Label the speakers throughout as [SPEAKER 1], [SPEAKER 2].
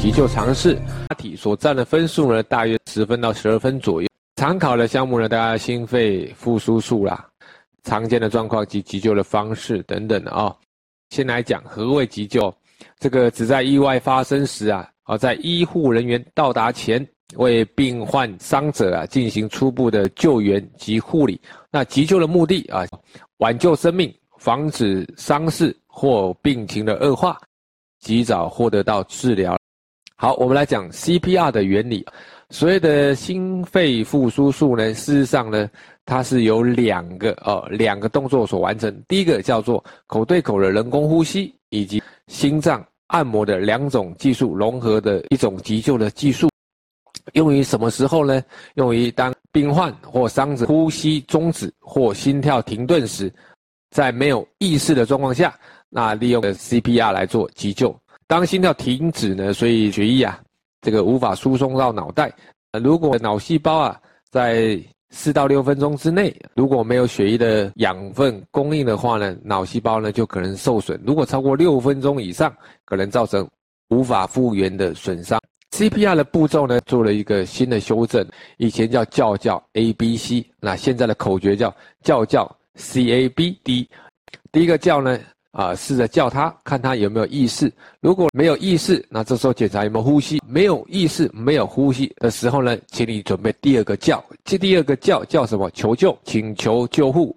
[SPEAKER 1] 急救常識，答題所佔的分數呢，大約十分到十二分左右。常考的項目呢，大家心肺復甦術啦、常見的狀況及急救的方式等等啊、哦。先來講何謂急救？這個只在意外發生時啊，啊在醫護人員到達前，為病患、傷者啊進行初步的救援及護理。那急救的目的啊，挽救生命，防止傷勢或病情的惡化，及早獲得到治療。好，我們來講 CPR 的原理。所謂的心肺復甦術呢，事實上呢，它是由兩個哦、呃，兩個動作所完成。第一個叫做口對口的人工呼吸，以及心臟按摩的兩種技術融合的一種急救的技術，用於什麼時候呢？用於當病患或傷者呼吸中止或心跳停頓時，在沒有意識的狀況下，那利用的 CPR 來做急救。當心跳停止呢，所以血液啊，這個無法輸送到腦袋。呃，如果腦細胞啊，在四到六分鐘之內，如果沒有血液的養分供應的話呢，腦細胞呢就可能受損。如果超過六分鐘以上，可能造成無法復原的損傷。CPR 的步驟呢，做了一個新的修正，以前叫叫叫 A B C，那現在的口訣叫叫叫 C A B D。第一個叫呢。啊，試着叫他，看他有沒有意識。如果沒有意識，那這時候檢查有沒有呼吸。沒有意識、沒有呼吸的時候呢，請你準備第二個叫。這第二個叫叫什麼？求救，請求救護。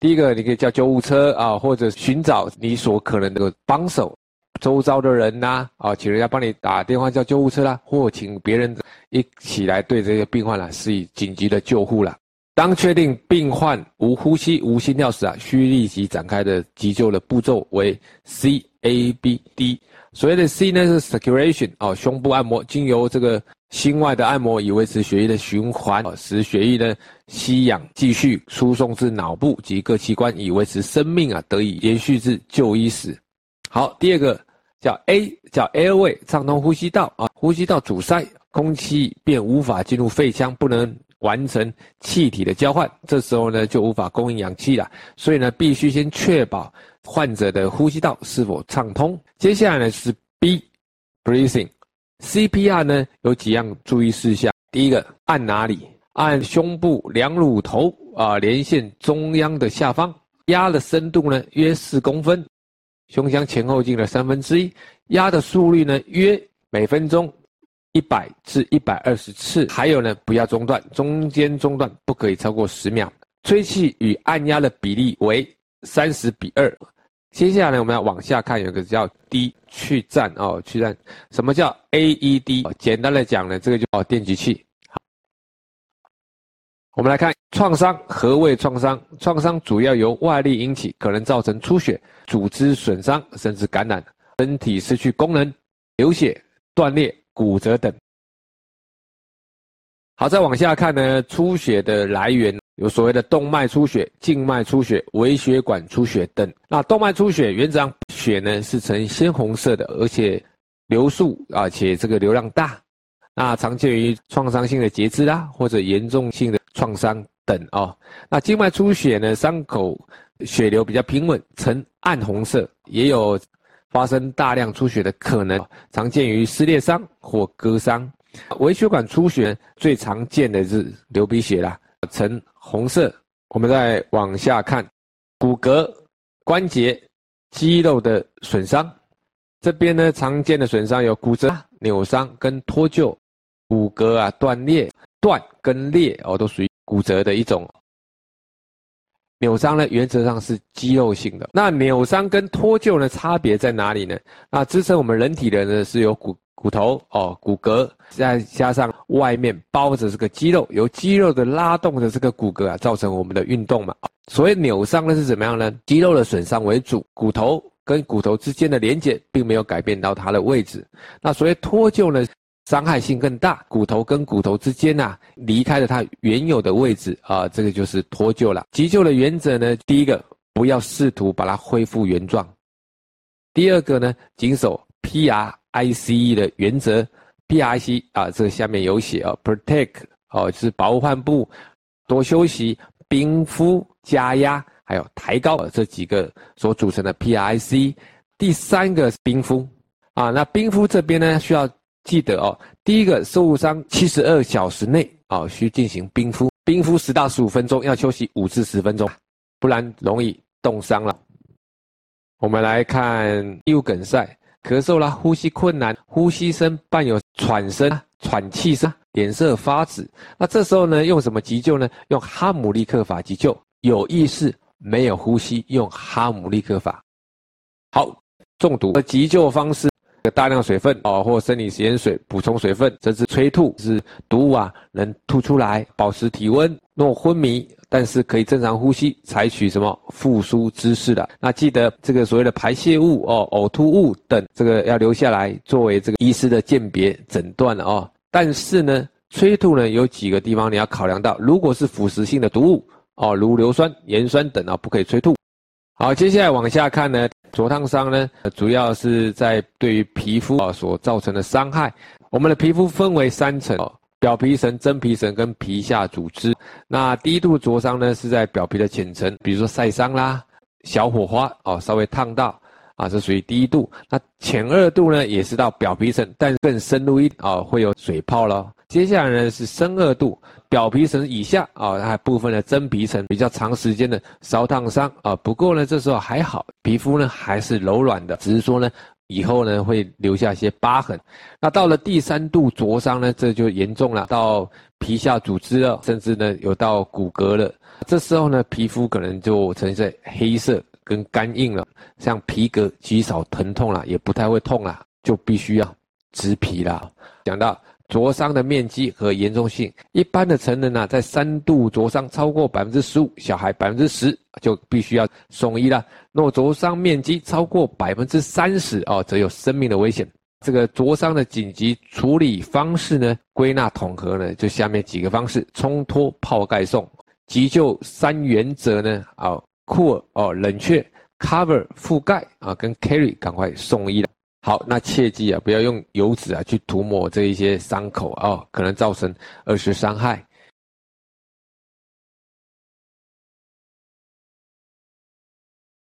[SPEAKER 1] 第一個你可以叫救護車啊，或者尋找你所可能的幫手，周遭的人吶啊，啊，請人家幫你打電話叫救護車啦，啊，或請別人一起來對這個病患啊，施以緊急的救護啦。當確定病患無呼吸，無心跳時啊，需立即展開的急救的步驟為 CABD。所謂的 C 呢是 circulation 哦，胸部按摩，經由這個心外的按摩以維持血液的循環，哦、使血液呢吸氧繼續輸送至腦部及各器官，以維持生命啊得以延續至就醫時。好，第二個叫 A 叫 Airway 暢通呼吸道啊、哦，呼吸道阻塞，空氣便無法進入肺腔，不能。完成氣體的交換，這時候呢就無法供應氧氣了，所以呢必須先確保患者的呼吸道是否暢通。接下來呢是 B，breathing，CPR 呢有幾樣注意事項：第一個，按哪裡？按胸部兩乳頭啊、呃、連線中央的下方。壓的深度呢約四公分，胸腔前後徑的三分之一。3，壓的速率呢約每分鐘，一百至一百二十次，還有呢，不要中斷，中間中斷不可以超過十秒。吹氣與按壓的比例為三十比二。接下來呢，我們要往下看，有個叫 D 去顫哦，去顫，什麼叫 AED？、哦、簡單的講呢，這個就叫、哦、電擊器。好，我們來看創傷，何謂創傷？創傷主要由外力引起，可能造成出血、組織損傷，甚至感染，身體失去功能、流血、斷裂。骨折等。好，再往下看呢，出血的來源有所謂的動脈出血、靜脈出血、微血管出血等。那動脈出血，原則上血呢是呈鮮紅色的，而且流速啊，而且這個流量大。那常見於創傷性的截肢啦，或者嚴重性的創傷等哦。那靜脈出血呢，傷口血流比較平穩，呈暗紅色，也有。發生大量出血的可能，常見於撕裂傷或割傷。微血管出血最常見的是流鼻血啦，呈紅色。我們再往下看，骨骼、關節、肌肉的損傷。這邊呢，常見的損傷有骨折、扭傷跟脫臼，骨骼啊斷裂、斷跟裂哦，都屬於骨折的一種。扭傷呢，原則上是肌肉性的。那扭傷跟脫臼呢，差別在哪裡呢？那支撐我們人體的呢，是由骨骨頭哦，骨骼，再加，加上外面包着這個肌肉，由肌肉的拉動的這個骨骼啊，造成我們的運動嘛、哦。所以扭傷呢，是怎麼樣呢？肌肉的損傷為主，骨頭跟骨頭之間的連結並沒有改變到它的位置。那所謂脫臼呢？傷害性更大，骨頭跟骨頭之間吶，離開了它原有的位置啊，這個就是脫臼了。急救的原則呢，第一個不要試圖把它恢復原狀，第二個呢謹守 P R I C E 的原則，P R I C 啊這下面有寫啊，Protect 哦就是保護患部，多休息，冰敷加壓，還有抬高這幾個所組成的 P R I C E。第三個是冰敷啊，那冰敷這邊呢需要。記得哦，第一個，受傷七十二小時內，哦，需進行冰敷，冰敷十到十五分鐘，要休息五至十分鐘，不然容易凍傷了。我們來看右梗塞，咳嗽啦，呼吸困難，呼吸聲伴有喘聲、喘氣聲，臉色發紫。那這時候呢，用什麼急救呢？用哈姆立克法急救，有意識沒有呼吸，用哈姆立克法。好，中毒的急救方式。大量水分哦，或生理食鹽水補充水分，這是催吐，是毒物啊，能吐出來，保持體溫。若昏迷，但是可以正常呼吸，採取什麼復甦姿勢的？那記得這個所謂的排泄物哦、嘔吐物等，這個要留下來作為這個醫師的鑑別診斷哦。但是呢，催吐呢有幾個地方你要考量到，如果是腐蝕性的毒物哦，如硫酸、鹽酸等啊、哦，不可以催吐。好，接下來往下看呢。灼燙傷呢，主要是在對於皮膚啊所造成的傷害。我們的皮膚分為三層：表皮層、真皮層跟皮下組織。那第一度灼傷呢，是在表皮的淺層，比如說曬傷啦、小火花啊、哦，稍微燙到啊，這屬於第一度。那淺二度呢，也是到表皮層，但更深入一點啊、哦，會有水泡咯。接下來呢，是深二度。表皮層以下啊、哦，還部分的真皮層，比較長時間的燒燙傷啊、哦。不過呢，這時候還好，皮膚呢還是柔軟的，只是說呢，以後呢會留下一些疤痕。那到了第三度灼傷呢，這就嚴重了，到皮下組織了，甚至呢有到骨骼了。這時候呢，皮膚可能就呈現黑色跟乾硬了，像皮革，極少疼痛了，也不太會痛了，就必須要植皮了。講到。灼傷的面積和嚴重性，一般的成人呢，在三度灼傷超過百分之十五，小孩百分之十就必須要送醫了。若灼傷面積超過百分之三十哦，則有生命的危險。這個灼傷的緊急處理方式呢，歸納統合呢，就下面幾個方式：沖脫泡蓋送，急救三原則呢，啊、哦，cool 哦冷卻，cover 覆蓋啊、哦，跟 carry 趕快送醫的。好，那切記啊，不要用油脂啊去塗抹這一些傷口啊，哦，可能造成二次傷害。